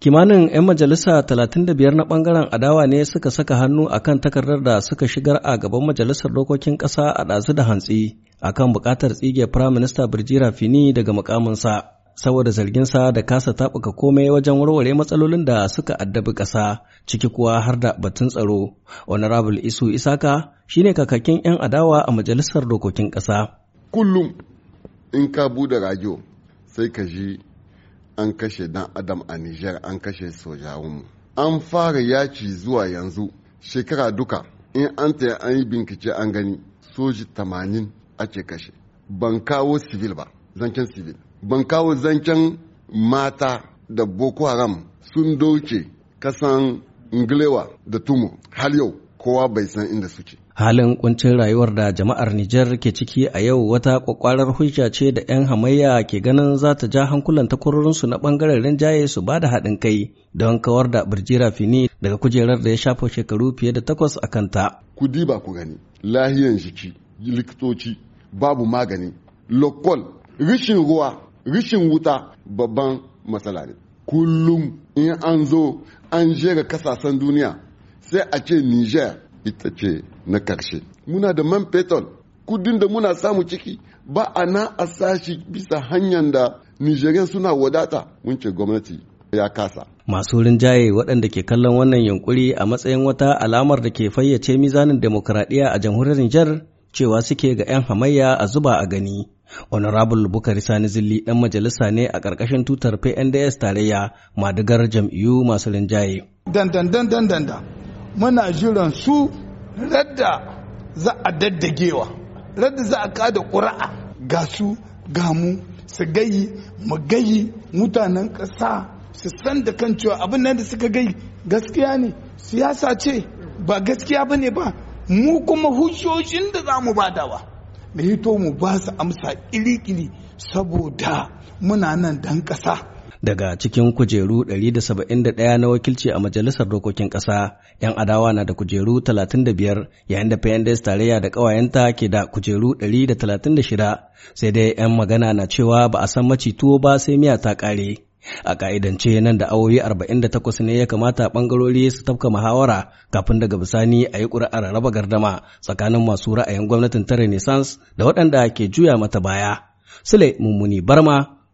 Kimanin 'yan majalisa 35 na ɓangaren adawa ne suka saka hannu a kan takardar da suka shigar a gaban majalisar dokokin ƙasa a ɗazu da hantsi a kan buƙatar tsige Firaminista Birjira Fini daga mukaminsa saboda zarginsa da kasa taɓuka komai wajen warware matsalolin da suka addabi ƙasa ciki kuwa har da batun tsaro. Honorable Isu Isaka shine kakakin 'yan adawa a majalisar dokokin ƙasa. Kullum in ka buɗe sai ka ji an kashe dan adam a Nijar an kashe mu An fara yaci zuwa yanzu shekara duka in an taya an yi bincike an gani soji tamanin ake kashe. Ban kawo civil ba, zancen civil. Ban kawo zancen mata da Boko Haram sun doce kasan Ingilewa da Tumo har yau kowa bai san inda suke. Halin kuncin rayuwar da jama'ar Nijar ke ciki a yau wata kwakwarar hujja ce da 'yan hamayya ke ganin za ta ja hankulan takwarorinsu na bangaren rinjaye su ba da haɗin kai don kawar da Birjira Fini daga kujerar da ya shafa shekaru fiye da takwas a kanta. Kudi ba ku gani, lahiyan jiki, likitoci, babu magani, lokol, rishin ruwa, rishin wuta babban matsala ne. Kullum in an zo an jera kasashen duniya sai a ce niger ita ce na karshe muna da man fetur kudin da muna samu ciki ba a na a sashi bisa hanyar da nigerian suna wadata mun ce gwamnati ya kasa masu rinjaye waɗanda ke kallon wannan yunkuri a matsayin wata alamar da ke fayyace mizanin demokuraɗiyya a jamhuriyar Nijar cewa suke ga 'yan hamayya a zuba a gani honorable bukari sani zilli ɗan majalisa ne a ƙarƙashin tutar pnds tarayya madigar jam'iyyu masu rinjaye muna jiran su radda za a daddagewa radda za a kada ƙura'a ga su ga mu su gayi mu gayi mutanen ƙasa su san da kan cewa abin nan da suka gayi gaskiya ne siyasa ce ba gaskiya ba ne ba mu kuma hujjojin da za mu badawa mai hito mu ba su amsa ƙiri saboda muna nan dan ƙasa daga cikin kujeru 171 na wakilci a majalisar dokokin ƙasa yan adawa na da kujeru 35 yayin da pnds tarayya da ƙawayenta ke da kujeru 136 sai dai yan magana na cewa ba a san maci tuwo ba sai miya ta ƙare a ƙa'idance nan da awoyi 48 ne ya kamata ɓangarori su tafka muhawara kafin daga bisani a yi ƙuri'ar raba gardama tsakanin masu ra'ayin gwamnatin ta renaissance da waɗanda ke juya mata baya sule mummuni barma